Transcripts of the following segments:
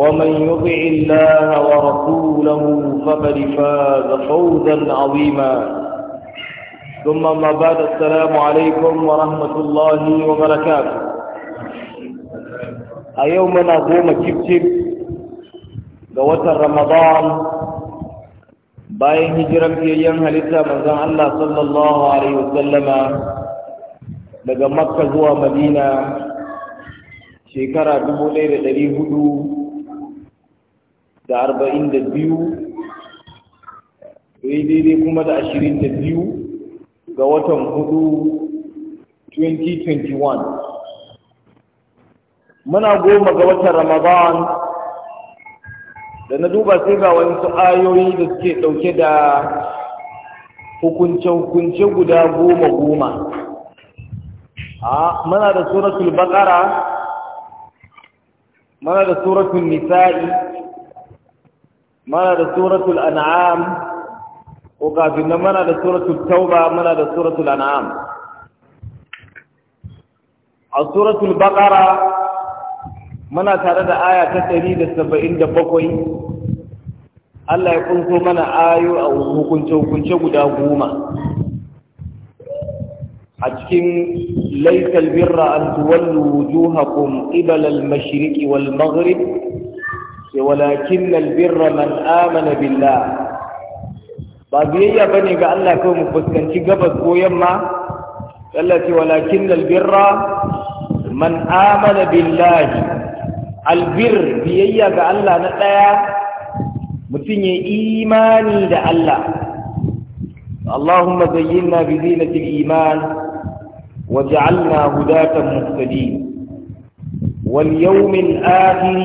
ومن يطع الله ورسوله فقد فاز فوزا عظيما ثم ما بعد السلام عليكم ورحمة الله وبركاته أيومنا قوم كبتب قوة رمضان bayan hijiran fiyayyen halitta manzon Allah sallallahu alaihi wasallama daga makka zuwa madina shekara dubu ɗaya da ɗari da arba'in da biyu eh, daidai kuma da ashirin da biyu ga watan hudu 2021 muna goma ga watan ramadan da na duba sai ga wasu ayoyi da suke ɗauke da hukunce-hukunce guda goma-goma muna da suratul baƙara muna da suratul nisa'i mana da suratul an'am ko kafin nan mana da suratul tauba mana da suratul an'am a suratul baqara muna tare da aya ta ɗari da saba'in da bakwai Allah ya kunso mana ayo a hukunce-hukunce guda goma a cikin laisal birra an tuwallu wujuhakum qibala al-mashriqi wal maghrib ce walakin albirra man amana billah ba biyayya ba ne ga Allah kawai mu fuskanci gabas ko yamma Allah ce walakin man amana billahi albir biyayya ga Allah na ɗaya. mutum ya imani da Allah اللهم زينا بزينة الإيمان وجعلنا هداة مهتدين واليوم الآخر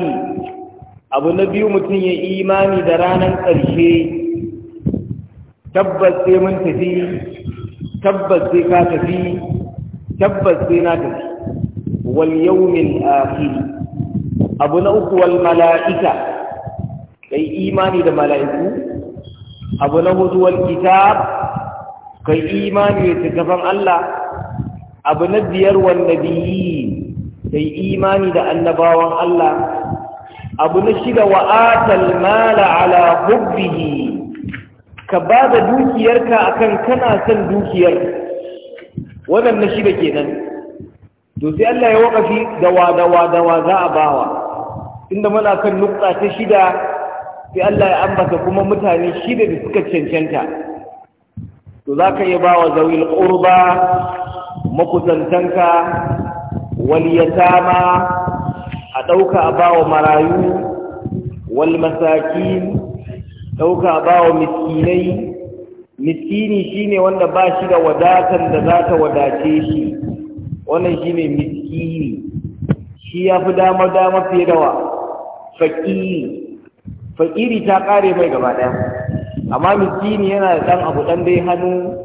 abu na biyu mutum ya imani da ranar ƙarshe tabbas sai mun tafi tabbas sai ka tafi tabbas sai na tafi wal yawmin akhir abu na uku wal mala'ika kai imani da mala'iku abu na hudu wal kitab kai imani da littafin Allah abu na biyar wal nabiyyi kai imani da annabawan Allah abu na shida wa atal mala ala hubbihi ka ba da dukiyarka akan kana son dukiyar wannan na shida kenan to sai Allah ya wakafi wa da wa za a bawa inda muna kan nukta ta shida sai Allah ya ambata kuma mutane shida da suka cancanta to za ka iya bawa zawil qurba makusantanka wal yatama Dauka a bawa marayu wal ɗauka a bawa miskinai miskini shine wanda ba shi da wadatar da za ta wadace shi wannan shine miskini shi ya fi dama dama fiye da wa faƙiri fakiri ta ƙare mai gaba ɗaya amma miskini yana da ɗan abu ɗan dai hannu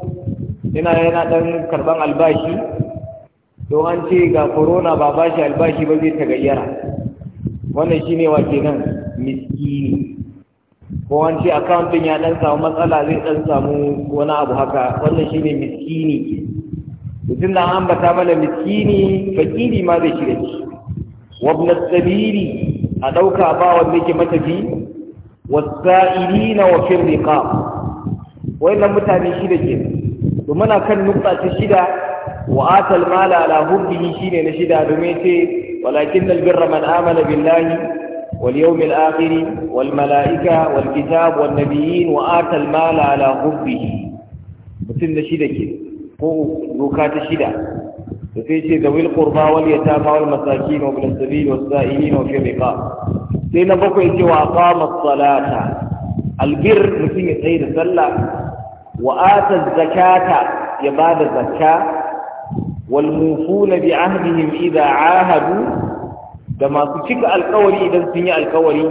yana yana ɗan karɓan albashi don an ce ga corona ba bashi albashi ba zai ta gayyara wannan shine wa nan miskini ko an ce akawuntin ya dan samu matsala zai dan samu wani abu haka wannan shine miskini mutum da an bata mana miskini fakiri ma zai shiga shi wabna sabili a ɗauka ba wanda yake matafi wasa'ilina wa fil riqab wayannan mutane shida ke to muna kan nukta ta shida wa atal mala ala shi shine na shida domin ce ولكن البر من آمن بالله واليوم الآخر والملائكة والكتاب والنبيين وآتى المال على حبه mutum na shida ke ko doka ta shida da sai ce zawil qurba wal yatama wal masakin wa bil sabil was sa'ilin wa fi sai na bakwai cewa wa salata albir mutum ya tsaye da sallah wa zakata ya da zakka والموفون بعهدهم إذا عاهدوا كما تشك الكوري إذا سمع الكوري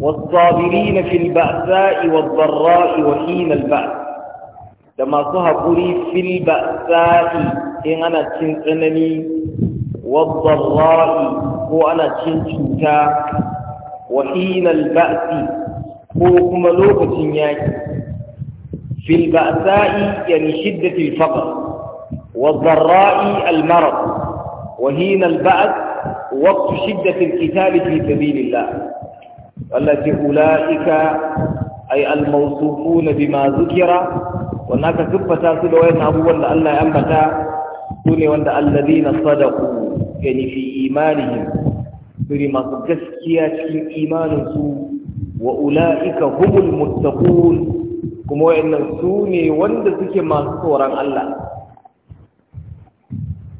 والصابرين في البأساء والضراء وحين البأس كما صهقري في البأساء إن أنا تنقنني والضراء هو أنا تنشتا وحين البأس هو كما لوقت في البأساء يعني شدة الفقر والضراء المرض وهين البعث وقت شدة الكتاب في سبيل الله التي أولئك أي الموصوفون بما ذكر وأنك كفتا سلوين أبو أن الله أنبتا سوني وأن الذين صدقوا يعني في إيمانهم سوني ما تكسكيات في إيمانهم وأولئك هم المتقون كما أن سوني وأن تكي ما صورا الله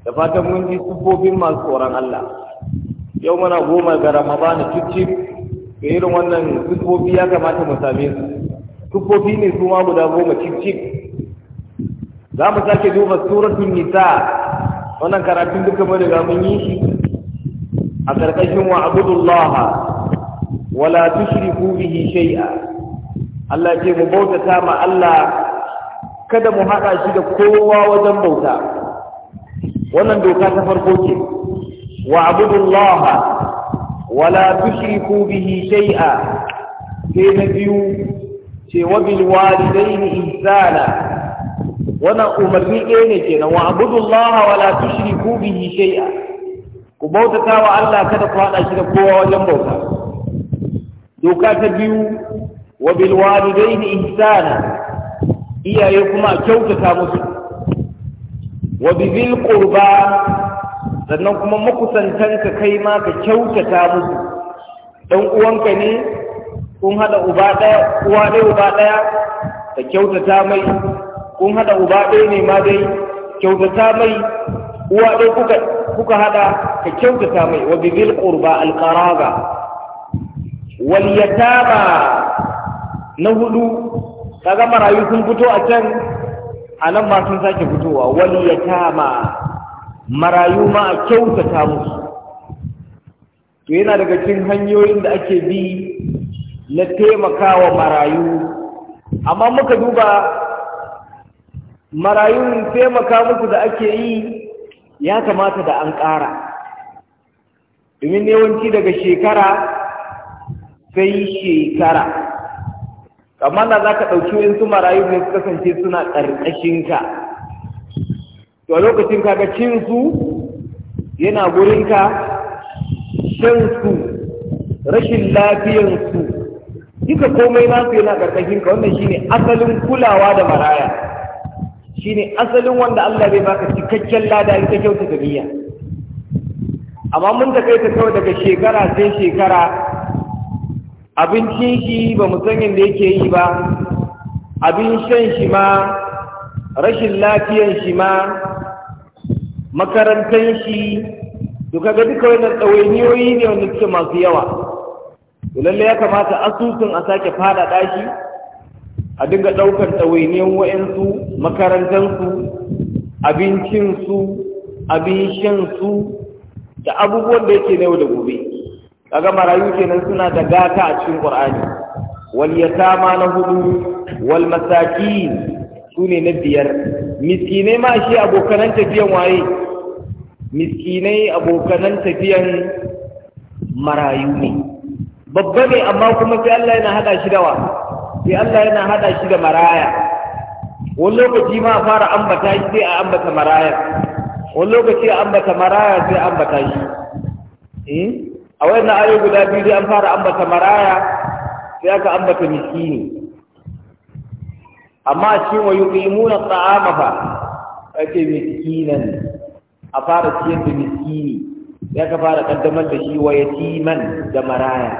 da fatan mun ji siffofin masu tsoron Allah yau mana goma ga Ramadan cicci ga irin wannan siffofi ya kamata mu same su siffofi ne su ma guda goma cicci za mu sake duba suratul nisa wannan karatun duka mun riga mun yi shi a karkashin wa abudullaha wala tushriku bihi shay'a Allah ce mu bautata ma Allah kada mu haɗa shi da kowa wajen bauta wannan doka ta farko ce wa abudullah wa la tushriku bihi shay'a sai na biyu ce wa bil walidaini ihsana wannan umarni ɗaya ne kenan wa abudullah wa la tushriku bihi shay'a ku bautata wa Allah kada ku haɗa shi da kowa wajen bauta doka ta biyu wa bil walidaini ihsana iyaye kuma kyautata musu wa bil qurba sannan kuma makusantanka kai ma ka kyautata musu dan uwanka ne kun hada uba daya uwa daya uba daya ka kyautata mai kun hada uba dai ne ma dai kyautata mai uwa dai kuka kuka hada ka kyautata mai wa bil qurba al qaraba wal yataba na hudu kaga marayu sun fito a can a nan ma sun sake fitowa wani ya kama marayu ma a kyautata musu to yana daga cikin hanyoyin da ake bi na taimakawa marayu amma muka duba marayun taimaka musu da ake yi ya kamata da an ƙara domin yawanci daga shekara sai shekara amma da za ka ɗauki su marayu ne su kasance suna ka to a lokacin kaga su yana ka shan su, rashin lafiyansu duka komai nasu yana ka wannan shine asalin kulawa da maraya shine asalin wanda Allah zai baka cikakken lada in ka kyauta duniya. amma mun ta kai ta kawai daga shekara sai shekara abincin shi ba musamman da yake yi ba abin shan shi ma rashin lafiyan shi ma makarantar shi to kaga duka wannan ɗawainiyoyi ne wanda suke masu yawa to lalle ya kamata asusun a sake faɗa shi a dinga ɗaukar ɗawainiyan wa'insu makarantarsu, abincinsu abin shansu da abubuwan da yake na yau da gobe kaga marayu kenan suna da gata a cikin qur'ani wal yatama na hudu wal masakin sune na biyar miskinai ma shi abokanan tafiyan waye miskinai abokanan tafiyan marayu ne babba ne amma kuma sai Allah yana hada shi da wa sai Allah yana hada shi da maraya wani lokaci ma fara ambata shi sai a ambata maraya wani lokaci a ambata maraya sai ambata shi eh? a wannan ayo guda biyu dai an fara ambata maraya sai aka ambata miskini amma shi wa yuqimuna ta'ama fa ake miskinan a fara ciyar da miskini ya ka fara kaddamar da shi wa yatiman da maraya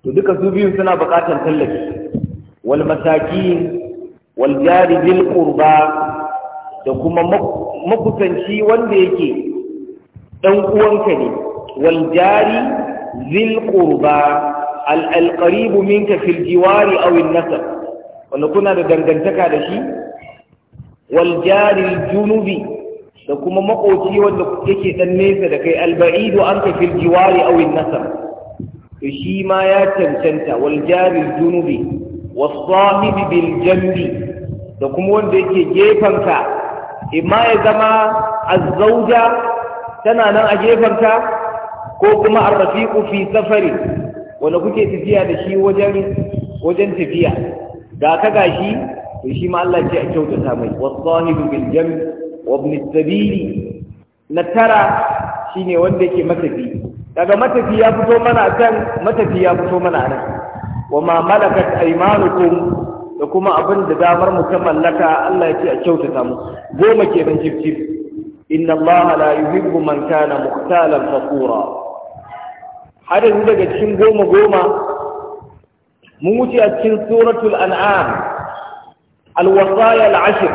to duka su biyu suna buƙatar tallafi wal masakin wal jari bil qurba da kuma makusanci wanda yake dan uwanka ne والجاري ذي القربى القريب منك في الجوار أو النسب ونكون هذا دنجنتك هذا شيء والجار الجنوبي لكم مقوتي ولكي تنسى لكي البعيد أنت في الجوار أو النسب شيء ما يتنسنت والجار الجنوبي والصاحب بالجنب لكم وندك جيفنك إما يزما الزوجة tana nan a gefenka ko kuma arrafiqu fi safari wanda kuke tafiya da shi wajen wajen tafiya ga ka gashi to shi ma Allah ce a kyautata mai wasahibu bil jam wa ibn sabili na tara shine wanda yake matafi daga matafi ya fito mana kan matafi ya fito mana nan wa ma malakat aymanukum da kuma abin da damar mu ta mallaka Allah ya ce a kyautata mu goma kenan cif cif inna Allah la yuhibbu man kana mukhtalan fakura hadin daga cikin goma goma mun wuce a cikin suratul an'am alwasaya al'ashir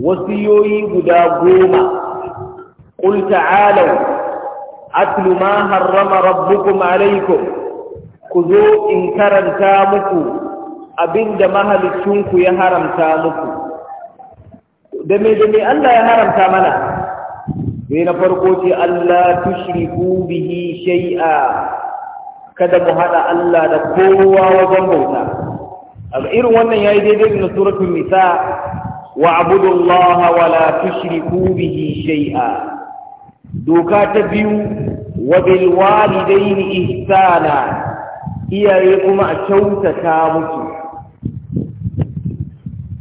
wasiyoyi guda goma qul ta'alu atlu ma harrama rabbukum alaykum ku zo in karanta muku abinda mahalicinku ya haramta muku da me da me Allah ya haramta mana sai na farko ce Allah tushriku bihi shay'a kada mu hada Allah da kowa wajen bauta abu irin wannan yayi daidai da suratul nisa wa abudullaha wa la tushriku bihi shay'a doka ta biyu wa bil walidaini ihsana iyaye kuma a kyautata mutu.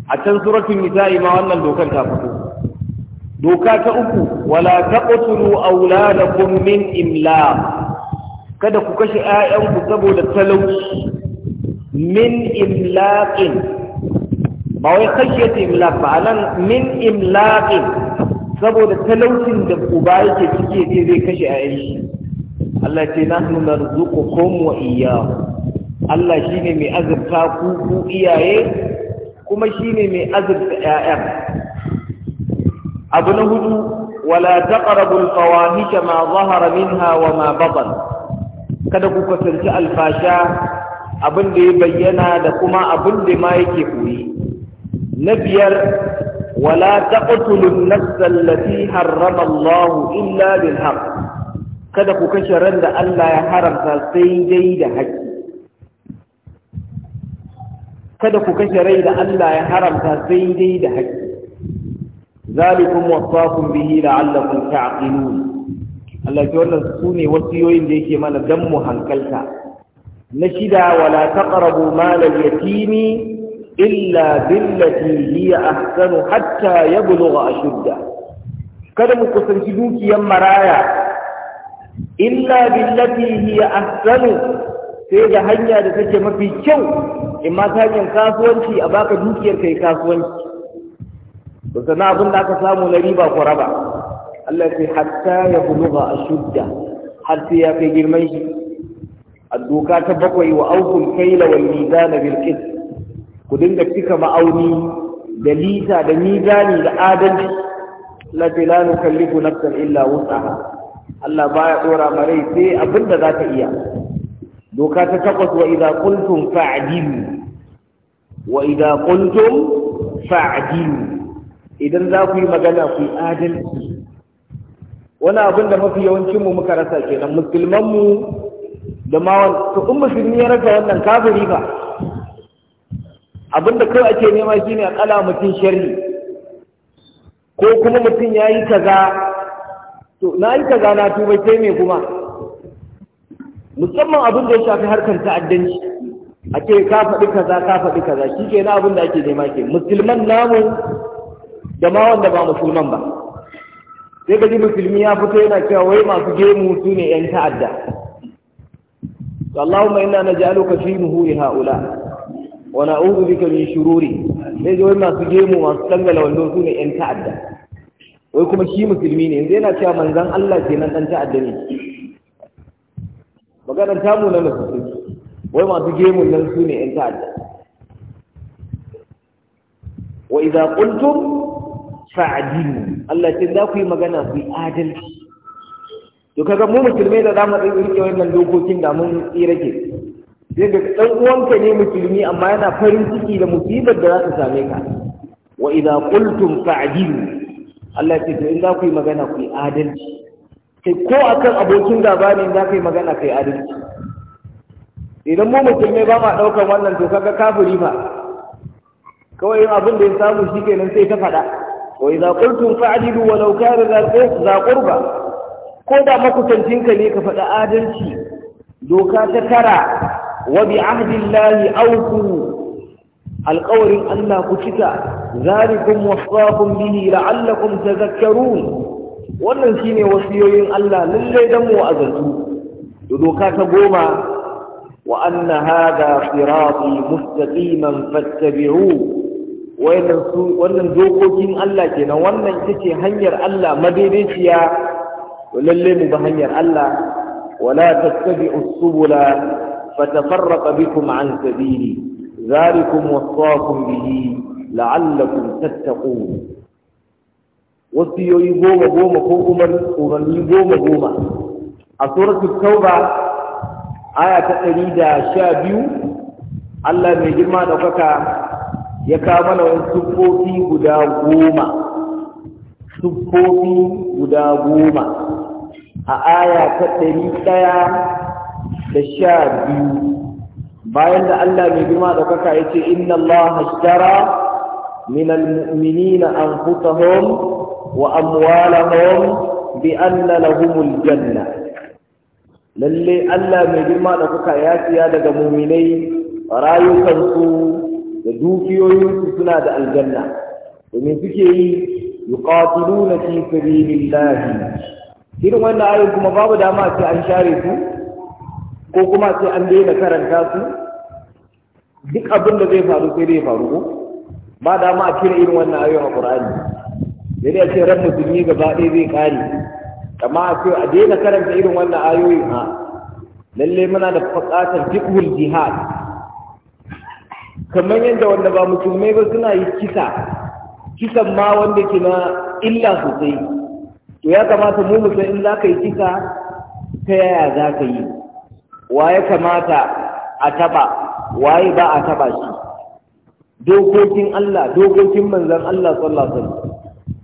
a can suratun nisa'i ma wannan dokar ta fito doka ta uku wala taqtulu auladakum min imla kada ku kashe 'ya'yanku saboda talauci min imlaqin ba wai khashiyat imlaq ba nan min imlaqin saboda talaucin da uba yake cike ce zai kashe 'ya'yan shi Allah ce nahnu narzuqukum wa iyyahum Allah shine mai azurta ku ku iyaye kuma shine mai azurta ƴaƴan abu na hudu wala taqrabu al-fawahisha ma zahara minha wa ma batan kada ku kasance alfasha abin da ya bayyana da kuma abin da ma yake koyi na biyar wala taqtulun nafsa allati harrama Allah illa bil haqq kada ku kashe ran da Allah ya haramta sai dai da haƙƙi kada ku kashe rai da Allah ya haramta sai dai da haƙƙi zalikum wasaqum bihi la'allakum ta'qilun Allah ya wannan sune wasiyoyin da yake mana dan mu hankalta na shida wala taqrabu mal al-yatimi illa billati hiya ahsanu hatta yablugha ashudda kada mu kusanci dukiyar maraya illa billati hiya ahsanu sai ga hanya da take mafi kyau in ma ta kasuwanci a baka dukiyar kai kasuwanci ba sana abin da aka samu na riba ku raba Allah sai hatta ya buluga ashudda har sai ya kai girman shi a doka ta bakwai wa aukun kaila wal mizana bil qist ku dinga cika ma'auni da lita da mizani da adalci la la nukallifu nafsan illa wus'aha Allah baya dora marai sai abinda za ta iya doka ta takwas wa idza qultum fa'dilu wa idza qultum fa'dilu idan za ku yi magana ku yi adalci wani abin da mafi yawancin mu muka rasa kenan musulman mu da ma to in musulmi ya rasa wannan kafiri ba abin da kawai ake nema shine a kala mutum sharri ko kuma mutum ya yi kaza to na yi kaza na tuba sai me kuma musamman abin da ya shafi harkar ta'addanci a ce ka faɗi kaza ka faɗi kaza shi ke na abin da ake nema ke musulman namu da ma wanda ba musulman ba sai gaji musulmi ya fito yana cewa wai masu gemu su ne 'yan ta'adda Allahumma inna naj'aluka fi muhuri ha'ula wa na'udhu bika min shururi sai wai masu gemu masu tangala wando su ne yan ta'adda wai kuma shi musulmi ne yanzu yana cewa manzon Allah kenan dan ta'adda ne maganar tamu na nasu wai masu gemun nan su ne ‘yan ta'adda wa idza qultum Fadilu? Allah ce za ku yi magana ku yi adalci to kaga mu musulmi da zamu ɗin rike wannan dokokin da mun tsira ke sai ga ɗan uwanka ne musulmi amma yana farin ciki da musibar da za ta same ka wa idza qultum fa'dilu Allah ce to in za ku yi magana ku yi adalci Eh, ko ko kan abokin gaba ne za ka yi magana kai adalci idan mu ne ba ma ɗaukar wannan to kaga kafiri ba kawai yin abin da ya samu shi kenan sai ta faɗa wai za ƙultun fa'adilu wa kare za ƙurba ko da makusancinka ne ka faɗa adalci doka ta tara wa bi ahdillahi awfu alƙawarin Allah ku cika zalikum wasaqum bihi la'allakum tadhakkarun wannan shine wasiyoyin Allah lallai dan mu azantu da doka ta goma wa anna hada sirati mustaqiman fattabi'u wannan su wannan dokokin Allah kenan wannan ce hanyar Allah madaidaiciya to lallai mu ba hanyar Allah wala tattabi'us subula fatafarraqa bikum an sabili zalikum wasaqum bihi la'allakum tattaqun wasiyoyi goma goma ko kuma umarni goma goma a suratul tauba aya ta ɗari da sha biyu Allah mai girma ɗaukaka ya kawo mana wani siffofi guda goma siffofi guda goma a aya ta ɗari ɗaya da sha biyu bayan da Allah mai girma ɗaukaka ya ce inna Allah hashtara min an muminina anfusahum Wa 'amu wa lamawan, bi Allah na humul janna. Lallai Allah mai girma da kuka yafiya daga muhimminai, rayukansu, da dukiyoyinsu suna da aljanna. Da me suke yi ya kawo su nuna Irin wannan aure kuma babu damar a an share su, ko kuma a ce an daina karanta su. Duk abinda zai faru sai dai faru Ba damu a kira irin wannan aure a Alƙur'ani. yadda ce ran musulmi gaba ɗaya zai ƙare amma a ce a daina karanta irin wannan ayoyin ha lalle muna da buƙatar fiqhul jihad kamar yadda wanda ba musulmai ba suna yi kisa kisan ma wanda ke na illa sosai to ya kamata mu mu in za ka yi kisa ta yaya za ka yi wa ya kamata a taɓa waye ba a taɓa shi dokokin Allah dokokin manzan Allah sallallahu alaihi wasallam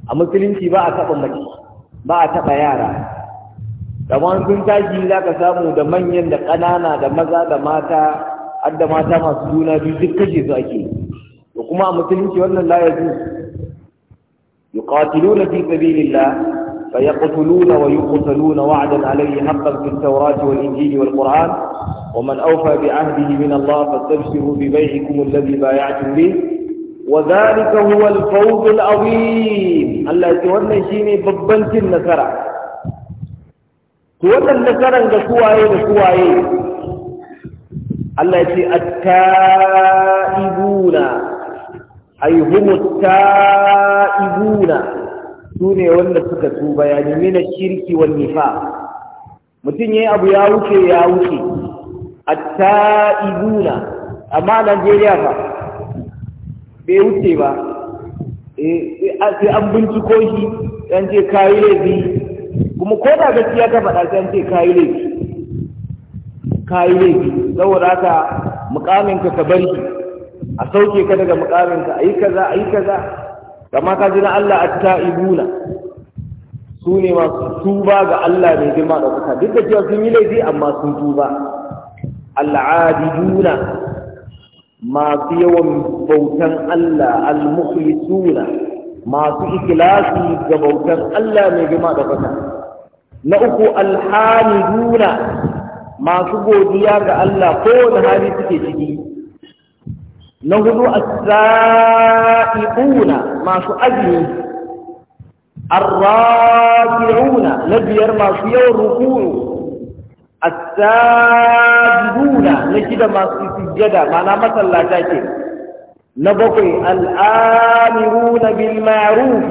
a musulunci ba a taɓa mace ba a taɓa yara kamar sun za ka samu da manyan da ƙanana da maza da har da mata masu juna biyu duk kashe su ake to kuma a musulunci wannan la yazu yuqatiluna fi sabilillah fa yaqtuluna wa yuqtaluna wa'dan wa'adin haqqan fi at-taurat wal injil wal qur'an wa man awfa bi 'ahdihi min Allah fastabshiru bi bay'ikum alladhi bay'atum bihi wa zalika huwa al-fawz al Allah ya ce wannan shine babban cin nasara to wannan nasaran ga kuwaye da kuwaye Allah ya ce ay humu sune wanda suka tuba yani mina shirki wal nifaq mutum yayi abu ya wuce ya wuce at-ta'ibuna amma Najeriya fa bai wuce ba eh, sai an binciko shi yan ce kayi laifi kuma ko da gaskiya ta faɗa sai an ce kayi laifi kayi laifi saboda haka mukaminka ka bari a sauke ka daga mukaminka a yi kaza a yi kaza kama ka ji na Allah a ibuna su ne masu tuba ga Allah mai girma da kuka duk da cewa sun yi laifi amma sun tuba al'adiduna masu yawan bautan Allah al-mukhlisuna masu ikhlasi ga bautan Allah mai gama da fata na uku al-hamiduna masu godiya ga Allah kowane hali suke ciki na hudu as-sa'ibuna masu azumi ar na biyar masu yawan ruku'u as na shida masu sujjada mana masallata ke na bakwai na bil ma'ruf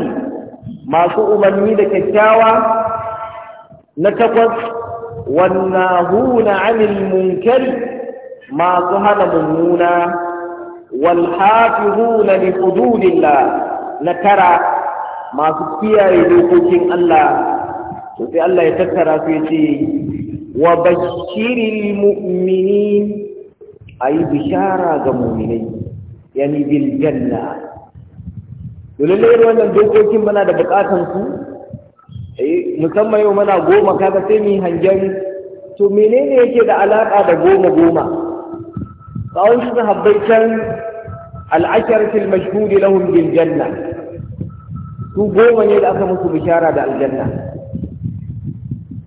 masu umarni da kyakkyawa na takwas wannahuna 'anil munkari masu hana mummuna wal hafizuna li hududillah na tara masu kiyaye dokokin Allah to sai Allah ya tattara su ya ce وبشر المؤمنين اي بشاره للمؤمنين يعني بالجنه للذين لم يكن منا ده بقاتنكم اي مسمى يوم انا 10 كذا سمي هنجر تو منينه يجي ده علاقه ده 10 10 قال حبيتن العشره المشهود لهم بالجنه تو 10 ني ده اكمل بشاره للجنه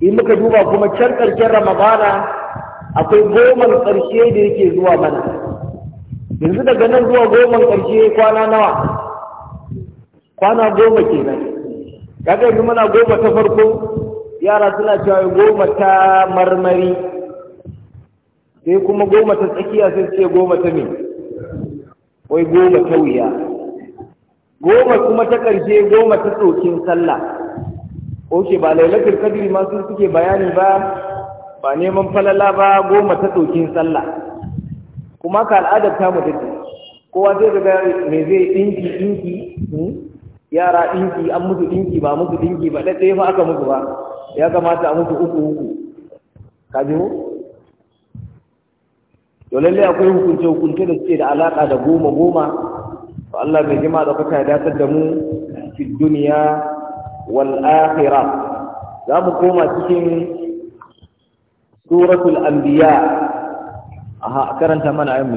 in muka duba kuma can ƙarshen ramadana akwai goman ƙarshe da yake zuwa mana yanzu daga nan zuwa goman ƙarshe kwana nawa kwana goma kenan kaga yanzu muna goma ta farko yara suna cewa goma ta marmari sai kuma goma ta tsakiya sai ce goma ta me wai goma ta wuya goma kuma ta ƙarshe goma ta tsokin sallah oke ba lailatul qadri ma sun suke bayani ba ba neman falala ba goma ta dokin sallah kuma ka al'adar ta mu take kowa zai ga me zai dinki dinki hmm? yara dinki an mutu dinki ba musu dinki ba dai fa aka musu ba ya kamata a musu uku uku ka ji to lalle akwai hukunce hukunce da suke da alaka da goma goma to Allah bai jima da kuka ya datar da mu fi duniya walakira za mu koma cikin suratul anbiya aha karanta mana ayyuka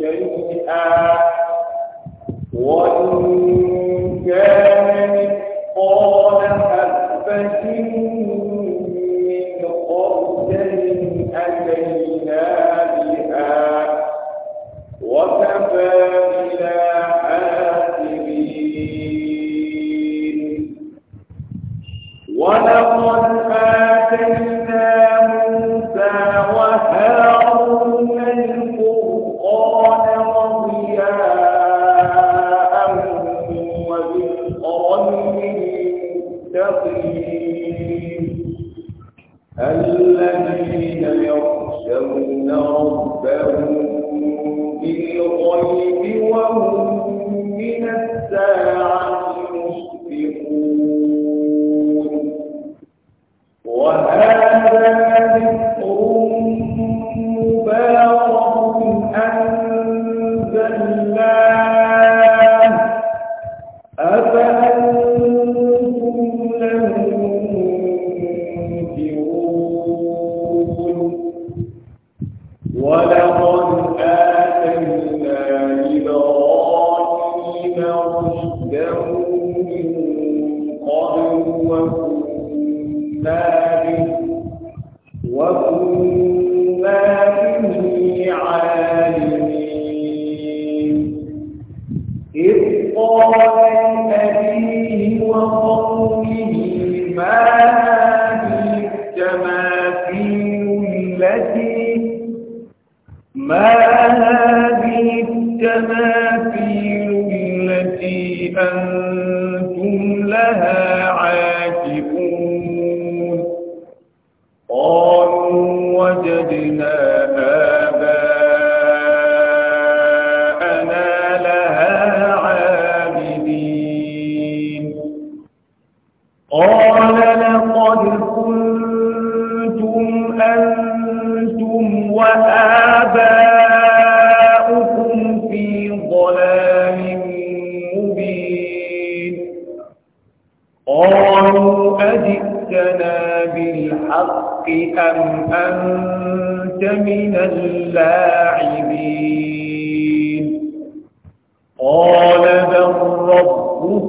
شيئا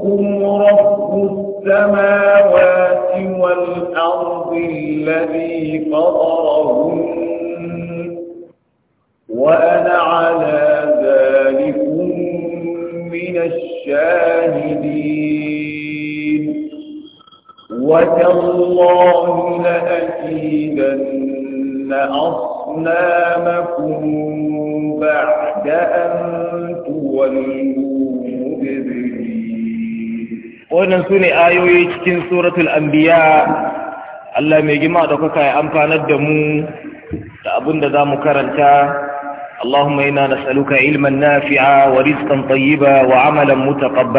Mm. ayoyi cikin suratul anbiya Allah mai gima da kuka ya amfanar da mu da abin da za mu karanta Allahumma ina nas'aluka ilman nafi'a wa rizqan tayyiba wa amalan mutaqabbala